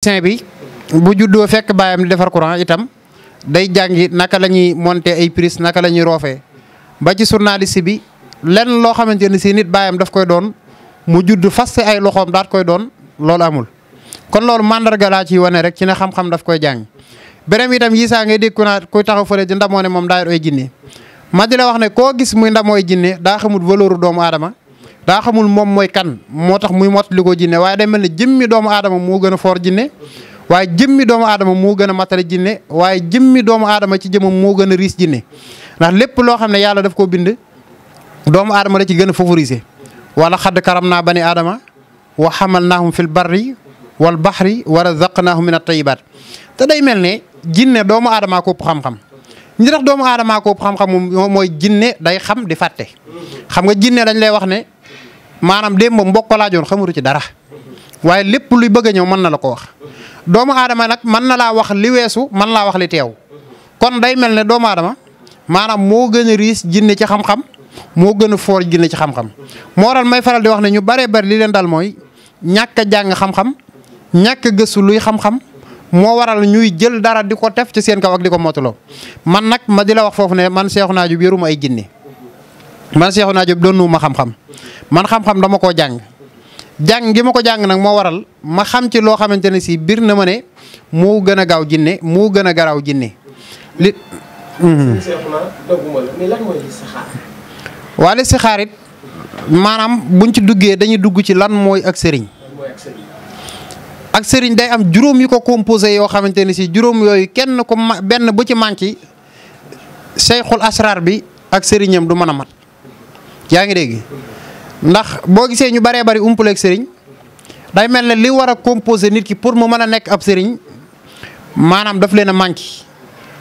médecin bi bu juddoo fekk baayam di defar courant itam day jàngi naka la ñuy monter ay prise naka la ñuy roofee ba ci journaliste bi lenn loo xamante ne si nit baayam daf koy doon mu judd faste ay loxoom daat koy doon loolu amul kon loolu mandarga laa ciy wane rek ci ne xam-xam daf koy jàng beneen itam yi saa ngay dégg ku naa kuy taxaw fële di ndamoo ne moom daayir ay jinne ma wax ne koo gis muy ndamooy jinne daa xamul valeur doomu aadama daa xamul moom mooy kan moo tax muy mottali ko jinne waaye day mel ne jëmmi doomu aadama moo gën a foor jinne waaye jëmmi doomu aadama moo gën a matale jinne waaye jëmmi doomu aadama ci jëmam moo gën a riis jinne loo xam ne yàlla daf koo bind doomu aadama la ci gën a favoriser wala xadd karam naa bani aadama wa xamal naahum fil barri wal baxri wa razaqnaahum min at-tayyibaat te day mel ne jinne doomu aadamaa ko ëpp xam-xam ñi tax doomu aadamaa ko ëpp xam-xam moom mooy jinne day xam di fàtte xam nga jinne dañ lay wax ne maanaam démb mbokk ko laajoon ci dara waaye lépp luy bëgg a ñëw man na la ko wax doomu aadama nag man na laa wax li weesu man laa wax li teew kon day mel ne doomu aadama maanaam moo gën a riis jinne ci xam-xam moo gën a foor jinne ci xam-xam may faral di wax ne ñu baree bari li leen dal mooy ñàkk a jàng xam-xam ñàkk a gëstu luy xam-xam moo waral ñuy jël dara di ko tef ci seen kaw ak di ko motuloo man nag ma di la wax foofu ne man seexu naa ju biiruma ay jinne man Cheikhouna Diop doon ma xam-xam man xam-xam dama ko jàng jàng gi ma ko jàng nag moo waral ma xam ci loo xamante ne si biir na ma ne moo gën a gaaw jinne moo gën a garaaw jinne li. Mhm. waa li si xaar maanaam buñ ci duggee dañuy dugg ci lan mooy ak sëriñ. ak sëriñ day am juróom yi ko composé yoo xamante ne si juróom yooyu kenn ko benn bu ci manqué seyxul asrar bi ak sëriñam du mën a mat. yaa ngi dégg ndax boo gisee ñu baree bari umpaleeg sëriñ day mel na li war a composé nit ki pour mu mën a nekk ab sëriñ maanaam daf leen a manqué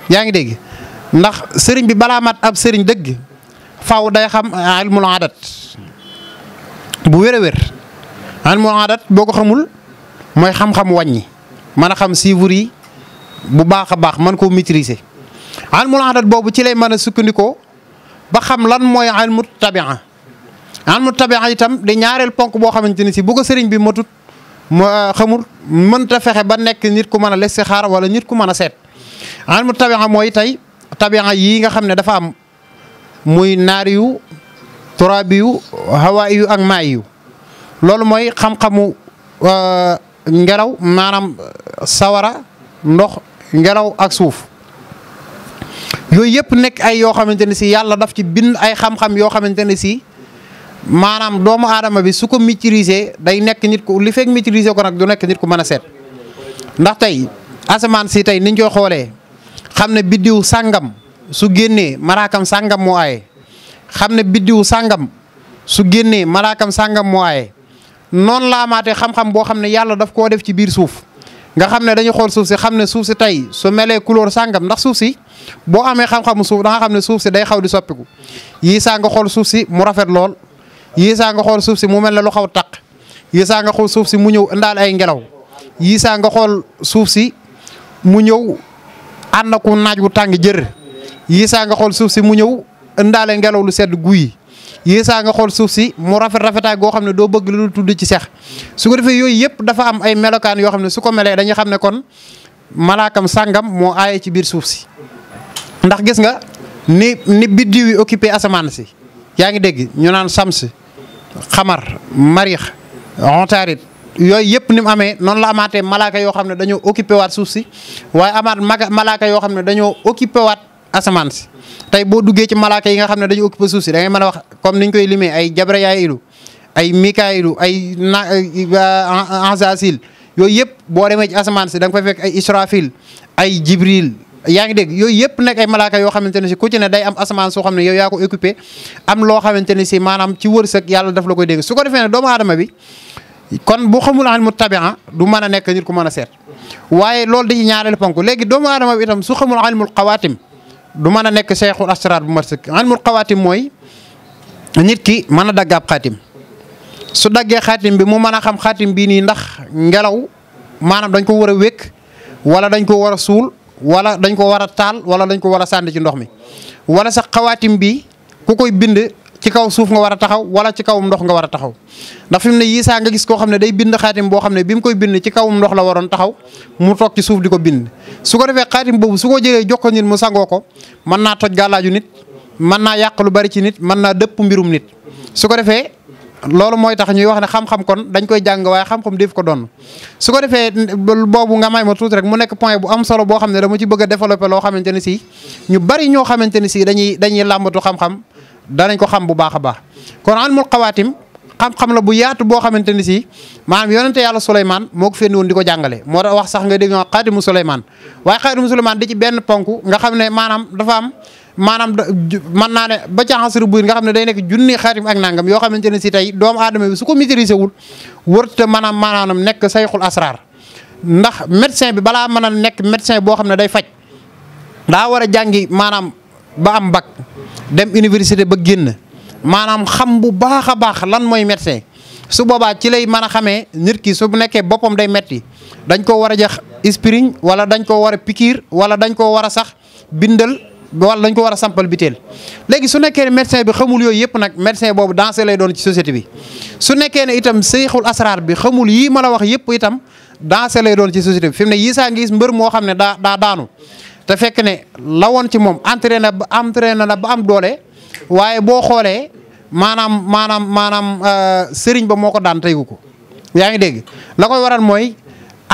yaa ngi dégg ndax sëriñ bi balaa mat ab sëriñ dëgg faw day xam ilmul adat bu wér a wér ilmul adat boo ko xamul mooy xam-xam wàññi mën a xam siivur yi bu baax a baax mën koo maîtriser ilmul adat boobu ci lay mën a sukkandikoo ba xam lan mooy almu tabia almu tabia itam di ñaareel ponk boo xamante ni si bu ko sëriñ bi matut ma euh, xamul mënta fexe ba nekk nit ku mën a xaar wala nit ku mën a seet almu tabia mooy tey tabia yii nga xam ne dafa am muy naari yu turaabi yu hawaay ak maay yu loolu mooy xam-xamu euh, ngelaw maanaam euh, sawara ndox ngelaw ak suuf yooyu yëpp nekk ay yoo xamante ne si yàlla daf ci bind ay xam-xam yoo xamante ne si maanaam doomu aadama bi su ko maîtriser day nekk nit ku li fekk maîtriser ko nag du nekk nit ku mën a seet ndax tey asamaan si tey niñ koy xoolee xam ne biddiw sàngam su génnee malaakam sàngam moo xam ne biddiw sàngam su génnee malaakam sàngam moo aaye noonu laamaatee xam-xam boo xam ne yàlla daf koo def ci biir suuf nga xam ne dañuy xool suuf si xam ne suuf si tey su melee couleur sàngam ndax suuf si boo amee xam-xamu suuf da nga xam ne suuf si day xaw di soppiku yii saa nga xool suuf si mu rafet lool yii saa nga xool suuf si mu mel ne lu xaw taq yii saa nga xool suuf si mu ñëw indaal ay ngelaw yii saa nga xool suuf si mu ñëw ànd ku naaj wu tàng jër yii saa nga xool suuf si mu ñëw indaale ngelaw lu sedd guy yéesaa nga xool suuf si mu rafet rafetaay goo xam ne doo bëgg lu dul tudd ci seex su ko defee yooyu yëpp dafa am ay melokaan yoo xam ne su ko melee dañuy xam ne kon malaakam sàngam moo aaye ci biir suuf si ndax gis nga ni ni biddiw asamaan si yaa ngi dégg ñu naan sams xamar marix ontaarit yooyu yëpp ni mu amee noonu la amaatee malaaka yoo xam ne dañoo occupé waat suuf si waaye amaat malaaka yoo xam ne dañoo occupé waat asamaan si tey boo duggee ci malaaka yi nga xam ne dañu occupé si da ngay a wax comme niñ koy limee ay jabrayaayilu ay mikaayilu ay na anzasil ah, ah, yooyu yëpp boo demee ci asamaan si da nga fay fekk ay israfil ay jibril yaa ngi dégg yooyu yëpp nekk ay malaaka yoo xamante ne si ku ci ne day am asamaan soo xam ne yow yaa ko occupé am loo xamante ne si maanaam ci war wërsëg yàlla daf la koy dégg su ko defee ne doomu aadama bi kon bu xamul an mu tabia du mën a nekk nit ku mën a seet waaye loolu du mën a nekk seexul asraar bu mat sëkk ilmul xawaatim mooy nit ki mën a dagg xaatim su daggee xaatim bi mu mën a xam xaatim bii nii ndax ngelaw maanaam dañ ko war a wékk wala dañ ko war a suul wala dañ ko war a taal wala dañ ko war a sànni ci ndox mi wala sax xawaatim bi ku koy bind ci kaw suuf nga war a taxaw wala ci kawum ndox nga war a taxaw ndax fi mu ne yiisaa nga gis koo xam ne day bind xaatim boo xam ne bi koy bind ci kawum ndox la waroon taxaw mu toog suuf di ko bind su ko defee xaatim boobu su ko jëlee jox ko mu sangoo ko mën naa toj gàllaaju nit mën naa yàq lu bari ci nit mën naa dëpp mbirum nit su ko defee loolu mooy tax ñuy wax ne xam-xam kon dañ koy jàng waaye xam-xam def ko doon su ko defee boobu nga may ma tuuti rek mu nekk point bu am solo boo xam ne dama ci bëgg a loo xamante ne si ñu bari ñoo xamante ne si dañuy dañuy làmbatu xam-xam danañ ko xam bu baax a baax kon almul xawaatim xam-xam la bu yaatu boo xamante ni si maanaam yonente yàlla Souleymane moo ko fenn woon di ko jàngale moo tax wax sax nga dégg nga xaatimu Souleymane waaye xaatimu Souleymane di ci benn ponk nga xam ne maanaam dafa am maanaam mën naa ne ba ca xasru buy nga xam ne day nekk junni xaatim ak nangam yoo xamante ne si tey doomu aadama su ko maîtriser wul wërta maanaam maanaam nekk sayxul asrar ndax médecin bi balaa mën a nekk médecin boo xam ne day faj daa war a jàngi maanaam ba am bac dem université ba génn maanaam xam bu baax a baax lan mooy médecin su boobaa ci lay mën a xamee nit ki su nekkee boppam day metti dañ koo war a jox aspirine wala dañ koo war a pikiir wala dañ koo war a sax bindal wala dañ ko war a sampal biteel léegi su nekkee ne médecin bi xamul yooyu yëpp nag médecin boobu dansé lay doon ci société bi su nekkee ne itam seyxul asraar bi xamul yii ma la wax yëpp itam dansé lay doon ci société bi fi mu ne yii saa ngi gis mbër moo xam ne daa daa daanu te fekk ne lawoon ci moom entraîné na ba entraîné na ba am doole waaye boo xoolee maanaam maanaam maanaam euh, sëriñ ba moo ko daan tegu ko. yaa ngi dégg la koy waral mooy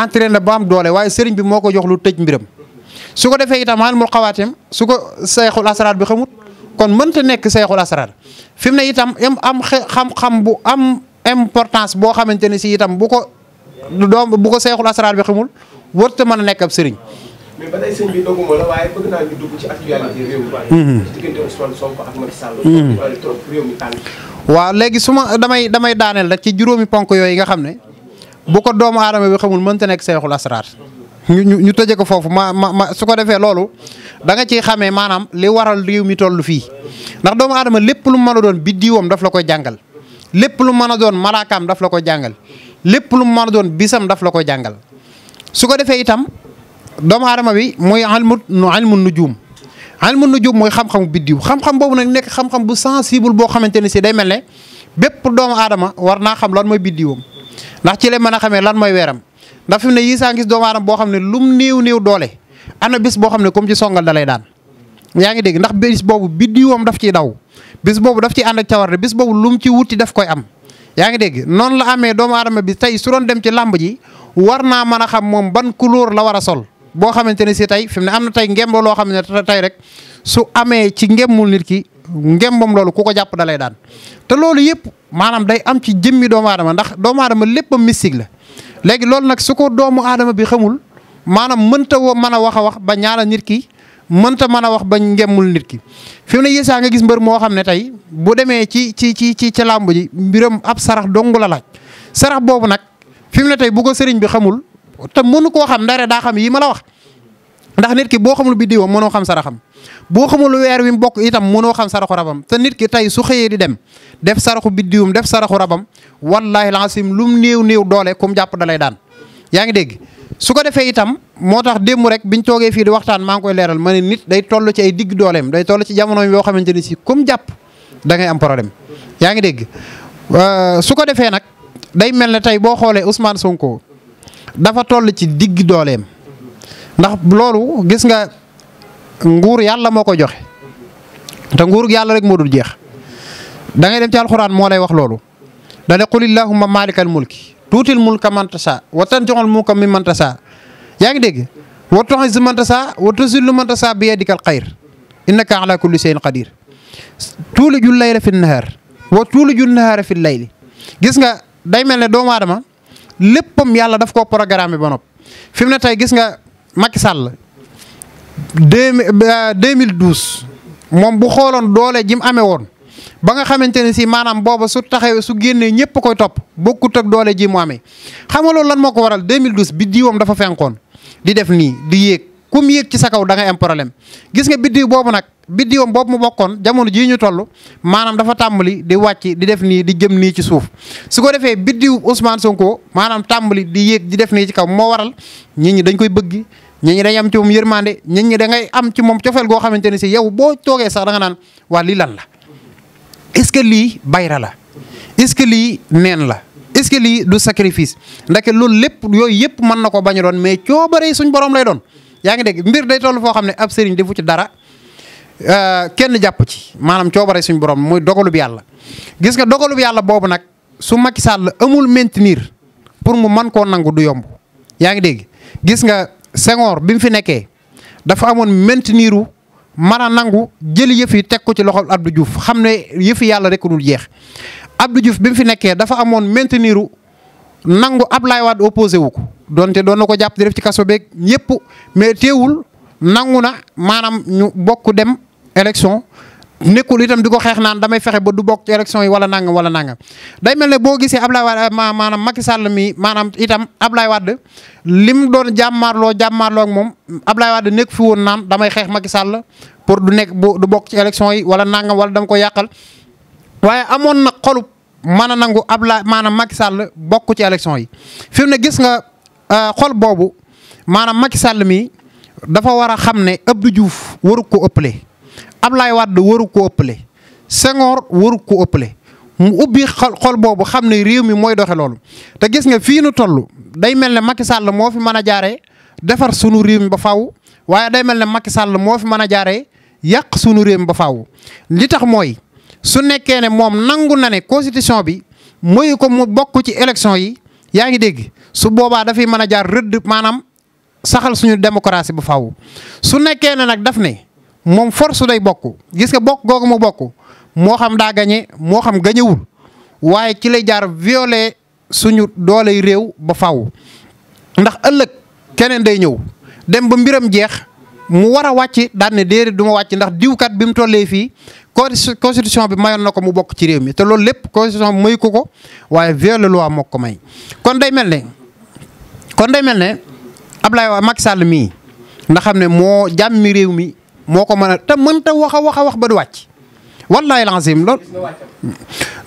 entraîné na ba am doole waaye sëriñ bi moo ko jox lu tëj mbiram su ko defee itam xaalimul xawaatim su ko seexul asraar bi xamut kon mënta nekk seexul asraar fi ne itam am xam-xam bu am importance boo xamante ne si itam bu ko doom bu ko seexul asraar bi xamul warut a mën a nekk ab sëriñ. mais ba mhm. mhm. waaw léegi su ma damay damay daaneel rek ci juróomi ponk yooyu nga xam ne bu ko doomu aadama bi xamul mënta nekk seexul asraar ñu ñu ñu ko foofu ma ma ma su ko defee loolu danga nga xamee maanaam li waral réew mi toll fii ndax doomu aadama lépp lu mën a doon biddiiwam daf la koy jàngal lépp lu mën a doon malaakaam daf la ko jàngal lépp lu mën a doon bisam daf la ko jàngal su ko defee itam doomu aadama bi mooy almu almu nujum almu nujum mooy xam-xamu biddiw xam-xam boobu nag nekk xam-xam bu sensible boo xamante ne si day mel ne bépp doomu aadama war naa xam lan mooy biddiwam ndax ci leen mën a xamee lan mooy weeram ndax fi mu ne saa ngis doomu boo xam ne lum néew néew doole ana bis boo xam ne comme ci songal da lay daan yaa ngi dégg ndax bis boobu biddiwam daf ciy daw bis boobu daf ci ànd ak cawarte bis boobu lum ci wuti daf koy am yaa ngi dégg noonu la amee doomu aadama bi tey su doon dem ci làmb ji war naa mën a xam moom ban couleur la war a sol boo xamante ne si tey fim ne am na tey ngem loo xam ne tey rek su amee ci ngembul nit ki ngembam loolu ku ko jàpp da daan te loolu yëpp maanaam day am ci jëmmi doomu aadama ndax doomu aadama lépp a mystique la léegi loolu nag su ko doomu aadama bi xamul maanaam mënta woo mën a wax a wax ba ñaala nit ki mënta mën a wax ba ngemmul nit ki fi mu ne yéesaa nga gis mbër moo xam ne tey bu demee ci ci ci ci ci làmb ji mbiram ab sarax dong la laaj sarax boobu nag fi mu tey bu ko sëriñ bi xamul te mënu koo xam ndare daa xam yi ma la wax ndax nit ki boo xam xamul biddiwam mënoo xam saraxam boo xamul weer wi mu bokk itam mënoo xam saraxu rabam ta nit ki tey su xëyee di dem def saraxu biddiwum def saraxu rabam wallahi laasim lum néew néew doole kum jàpp da lay daan yaa ngi dégg su ko defee itam moo tax démb rek biñ toogee fii di waxtaan maa ngi koy leeral ma ne nit day toll ci digg dooleem day toll ci jamono yoo xamante ni si kum jàpp da am problème yaa ngi dégg euh, su ko defee nag day mel ne tey boo xoolee Ousmane Sonko dafa toll ci digg dooleem ndax loolu gis nga nguur yàlla moo ko joxe te nguur yàlla rek moo dul jeex da ngay dem ci alxuraan moo lay wax loolu da ne qulillahumma maalikal mulki tuutil mulka man tasaa wa tanzi'ul mulka mimman tasaa yaa ngi dégg wa tu'izzu man tasaa wa tuzillu man tasaa bi yadikal xayr innaka ala kulli shay'in qadir tuuliju layla fi nahaar wa tuuliju nahaara fi layli gis nga day mel ne doomu aadama léppam yàlla daf koo programme ba noppi fi mu ne tey gis nga Macky Sall deux deux mille douze moom bu xooloon doole ji mu amee woon ba nga xamante ne si maanaam booba su taxawee su génnee ñëpp koy topp bokkut ak doole ji mu amee xam nga loolu lan moo ko waral 2012 bi diiwam dafa fenkoon di def nii di yéeg. ku mu yéeg ci sa kaw da nga problème gis nga biddiw boobu nag biddiwam boobu mu bokkoon jamono jii ñu toll maanaam dafa tàmbali di wàcc di def nii di jëm nii ci suuf su ko defee biddiw Ousmane Sonko maanaam tàmbali di yéeg di def nii ci kaw moo waral nit ñi dañ koy bëgg nit ñi dañ am ci moom yërmande nit ñi da ngay am ci moom cofeel goo xamante ne si yow boo toogee sax danga naan waa lii lan la est-ce que lii bayra la est lii neen la est-ce que lii du sacrifice ndeke loolu lépp yooyu yëpp mën na ko bañ a doon mais coobare suñ borom lay doon yaa ngi dégg mbir day toll foo xam ne ab sëriñ defu ci dara euh, kenn jàpp ci maanaam coobare suñu borom muy dogalub yàlla. gis nga dogalub yàlla boobu nag su Macky Sall amul maintenir pour mu mën koo nangu du yomb yaa ngi dégg gis nga Senghor bi mu fi nekkee dafa amoon maintenir u mën a nangu jëli yëf yi teg ko ci loxol Abdou Diouf xam ne yëfi yàlla rek dul jeex Abdou bi fi nekkee dafa amoon maintenir nangu Ablaye Wade opposé wu ko donte doon na ko jàpp di def ci kaso beeg yëpp mais teewul nangu na maanaam ñu bokk dem élection nekkul itam di ko xeex naan damay fexe ba du bokk ci élection yi wala nangam wala nangam. day ne boo gisee Ablaye Wade maanaam Macky Sall mi maanaam itam Ablaye Wade lim doon jàmmaarloo jàmmaarloo moom Ablaye Wade nekk fi woon naan damay xeex Macky Sall pour du nekk du bokk ci élection yi wala nangam wala dama ko yàqal waaye amoon na xolub mën a nangu Abdoulaye maanaam Macky Sall bokk ci élection yi fi mu ne gis nga euh, xol boobu maanaam Macky sàll mi dafa war a xam ne Abdou Diouf waru ko ëppale Abdoulaye Wade waru ko ëppale Senghor waru ko ëppale mu ubbi xol xol boobu xam ne réew mi mooy doxe loolu te gis nga fii nu toll day mel ne Macky sàll moo fi mën a jaaree defar sunu réew mi ba faw waaye day mel ne Macky sàll moo fi mën a jaaree yàq sunu réew mi ba faw li tax mooy su nekkee ne moom nangu na ne constitution bi mooy ko mu bokk ci élection yi yaa ngi dégg su boobaa dafay mën a jaar rëdd maanaam saxal suñu démocratie bu faw su nekkee ne nag daf ne moom force day bokk gis nga bokk googu mu bokk moo xam daa gañe moo xam gañewul waaye ci lay jaar violer suñu doole yi réew ba faw ndax ëllëg keneen day ñëw dem ba mbiram jeex mu war a wàcc daan ne déedéet du ma wàcc ndax diwkat bi mu tollee fii constitution bi mayoon na ko mu bokk ci réew mi te loolu lépp constitution bi mayu ko ko waaye viole loi moo ko may. kon day mel ne kon day mel ne Ablaye waa Macky Sall mii nga xam ne moo jàmmi réew mi moo ko mën a te mënta wax a wax a wax ba wàcc wallaay lancim loolu.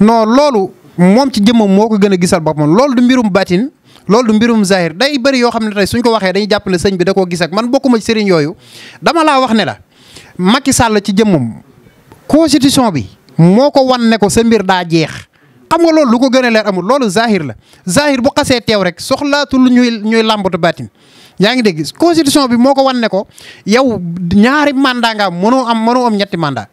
non loolu moom ci jëmmam moo ko gën a gisal boppam loolu du mbirum batin loolu du mbirum zahir day bëri yoo xam ne tey ko waxee dañuy jàpp sëñ bi da koo man bokkuma ci sëriñ yooyu dama laa wax ne la Macky Sall ci jëmmam. constitution bi moo ko wan ne ko sa mbir daa jeex xam nga loolu lu ko gën a amul loolu zahir la zahir bu xasee teew rek soxlaatul ñuy ñuy làmbatu baatin yaa ngi gis constitution bi moo ko wan ko yow ñaari mandat nga am mënoo am mënoo am ñetti mandat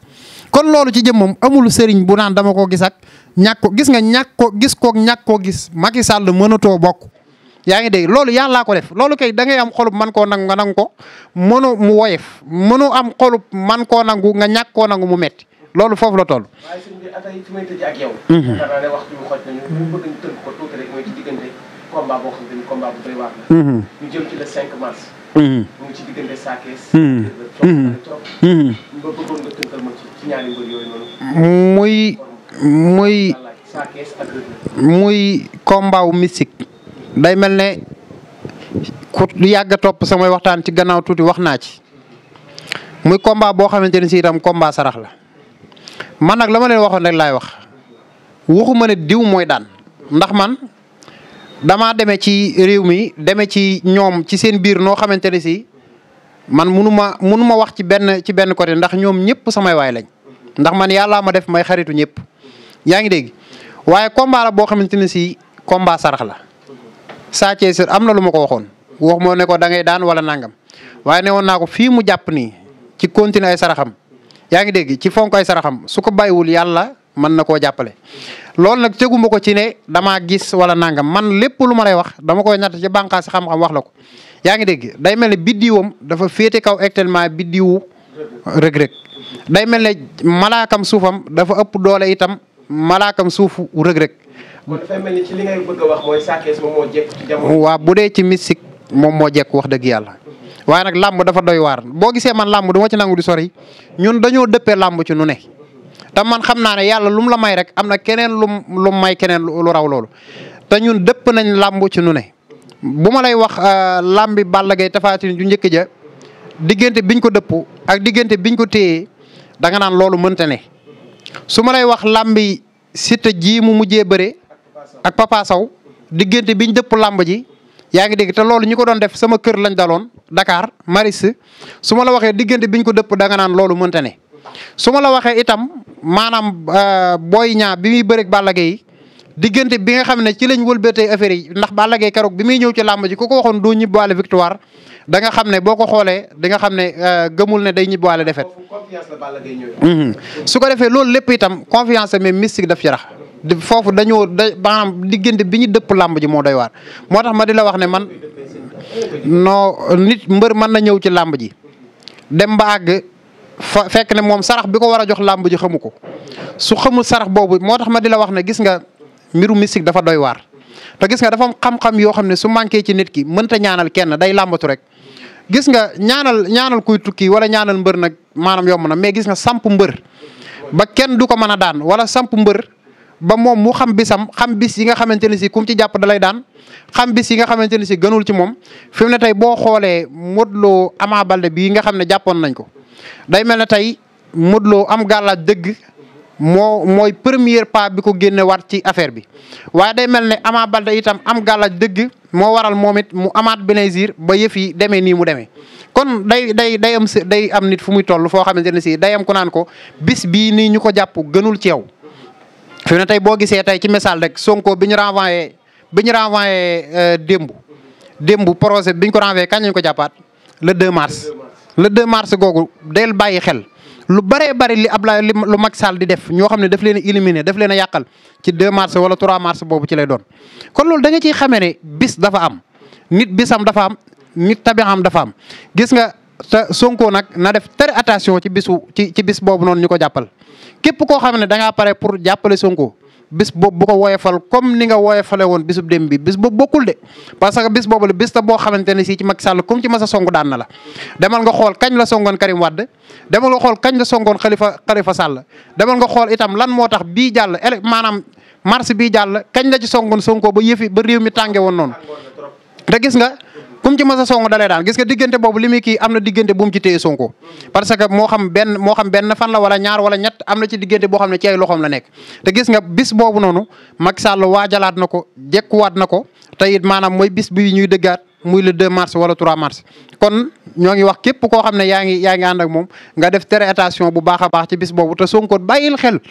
kon loolu ci jëm moom amul sëriñ bu naan dama ko gis ak ñàkk gis nga ñàkk gis kook ñàkk koo gis Macky Sall mënatoo bokk yaa ngi dégg loolu yàllaa ko def loolu kay dangay am xolub man koo nangu nga nangu ko mënu mu woyef mënu am xolub man koo nangu nga ñàkk koo nangu mu metti loolu foofu la toll. waaye sëñ bi muy muy. saa kees ak day mel ne ku yàgg a topp samay waxtaan ci gannaaw tuuti wax naa ci muy combat boo xamante ne si itam combat sarax la man nag la ma leen waxoon rek laay wax waxuma ne diw mooy daan ndax man dama deme ci réew mi deme ci ñoom ci seen biir noo xamante ne si man munu ma wax ci benn ci benn côté ndax ñoom ñëpp samay waay lañ ndax man yàllaa ma def may xaritu ñëpp yaa ngi dégg waaye combat boo xamante ne si combat la. Sa Thiès am na lu ma ko waxoon wax moo ne ko da ngay daan wala nangam waaye ne woon naa ko fii mu jàpp nii ci continuer ay saraxam yaa ngi dégg ci fonk ay saraxam su ko bàyyiwul yàlla mën na koo jàppale. loolu nag teguma ko ci ne damaa gis wala nangam man lépp lu ma lay wax dama koy natt ci bànqaas xam-xam wax la ko yaa ngi dégg day mel ne biddiwam dafa féete kaw actuellement biddiwu rëg-rëg day mel ne malaakam suufam dafa ëpp doole itam malaakam suufu rëg-rëg kon waaw bu dee ci mystique moom moo jekk wax dëgg yàlla. waaye nag làmb dafa doy waar boo gisee man làmb du ma ci nangu di sori ñun dañoo dëppee làmb ci nu ne. te man xam naa ne yàlla lum la may rek am na keneen lum lum may keneen lu raw loolu te ñun dëpp nañ làmb ci nu bu ma lay wax euh, làmbi Balla Gaye Tapha ju njëkk ja diggante biñ ko dëpp ak diggante biñ ko téyee danga naan loolu mënta ne su ma lay wax làmbi Siteu ji mu mujjee bëre ak Papa Sow diggante biñ dëpp làmb ji yaa ngi dégg te loolu ñi ko doon def sama kër lañ daloon dakaar Maris su ma la waxee diggante biñ ko dëpp danga naan loolu mënta ne. su ma la waxee itam maanaam euh, Boy Niang bi muy bëreeg Balla Gaye diggante bi nga xam ne ci lañ wëlbatee affaire yi ndax Balla Gaye keroog bi muy ñëw ci làmb ji ku ko waxoon doo ñibbaale victoire da nga xam ne boo ko xoolee di nga xam ne euh, gamul ne day ñibbaale defet mhm. su ko defee loolu lépp itam confiance même mystique daf ci foofu dañoo da maanaam diggante bi ñu dëpp làmb ji moo doy waar moo tax ma di la wax ne man non nit mbër mën na ñëw ci làmb ji dem ba àgg fa fekk ne moom sarax bi ko war a jox làmb ji xamu ko su xamul sarax boobu moo tax ma di la wax ne gis nga mbiru mystique dafa doy waar te gis nga dafa am xam-xam yoo xam ne su manqué ci nit ki mënta ñaanal kenn day làmbatu rek gis nga ñaanal ñaanal kuy tukki wala ñaanal mbër nag maanaam yomb na mais gis nga samp mbër ba kenn du ko mën a daan wala samp mbër ba moom mu xam bisam xam bis yi nga xamante ne si kum ci jàpp dalay daan xam bis yi nga xamante ne si gënul ci moom fi mu ne tey boo xoolee Modou Lo Ama Baldé bii nga xam ne jàppoon nañ ko day mel ne tey Modou am gàllaaj dëgg moo mooy premier pas bi ko génne waat ci affaire bi waaye day mel ne Ama Baldé itam am gàllaaj dëgg moo waral moom it mu amaat plaisir ba yëf yi demee nii mu demee kon day day day am day am nit fu muy toll foo xamante ne si day am ku naan ko bis bi nii ñu ko jàpp gënul ci yow fi mu ne tey boo gisee tey ci message rek Sonko bi ñu renvoyé bi ñu renvoyé euh, démb démb projet bi ñu ko renvoyé kañ lañ ko jàppaat le 2 mars. le 2 mars googu del bàyyi xel lu bëree bëri li Ablaye li lu Macky Sall di def ñoo xam ne daf leen a éliminer daf leen a yàqal ci 2 mars wala trois mars boobu ci lay doon. kon loolu da nga ciy xamee ne bis dafa am nit bisam dafa am nit tabaxam dafa am gis nga. te Sonko nag na def tere attention ci bisu ci ci bis boobu noonu ñu ko jàppal képp koo xam ne da ngaa pare pour jàppale Sonko bis boob bu ko woyefal comme ni nga woyefale woon bisub dem bi bis boobu bokkul de parce que bis boobu la bis ta boo xamante ne si ci mag Sall comme ci masa songu daan na la demal nga xool kañ la songoon Karim Wade demal nga xool kañ la songoon Khalifa Khalifa Sall demal nga xool itam lan moo tax bii jàll ele maanaam mars bii jàll kañ la ci songoon Sonko ba yëfi ba réew mi tànge woon noonu te gis nga kum ci mas a dalee daan gis nga diggante boobu li muy kii am na diggante bu mu ci téye Sonko parce que moo xam benn moo xam benn fan la wala ñaar wala ñett am na ci diggante boo xam ne ci ay loxoom la nekk te gis nga bis boobu noonu Macky Sall waajalaat na ko jekkuwaat na ko te it maanaam mooy bis bi ñuy dëggaat muy le 2 mars wala 3 mars kon ñoo ngi wax képp koo xam ne yaa ngi yaa ngi ak moom nga def tere attention bu baax a baax ci bis boobu te Sonko bàyyil xel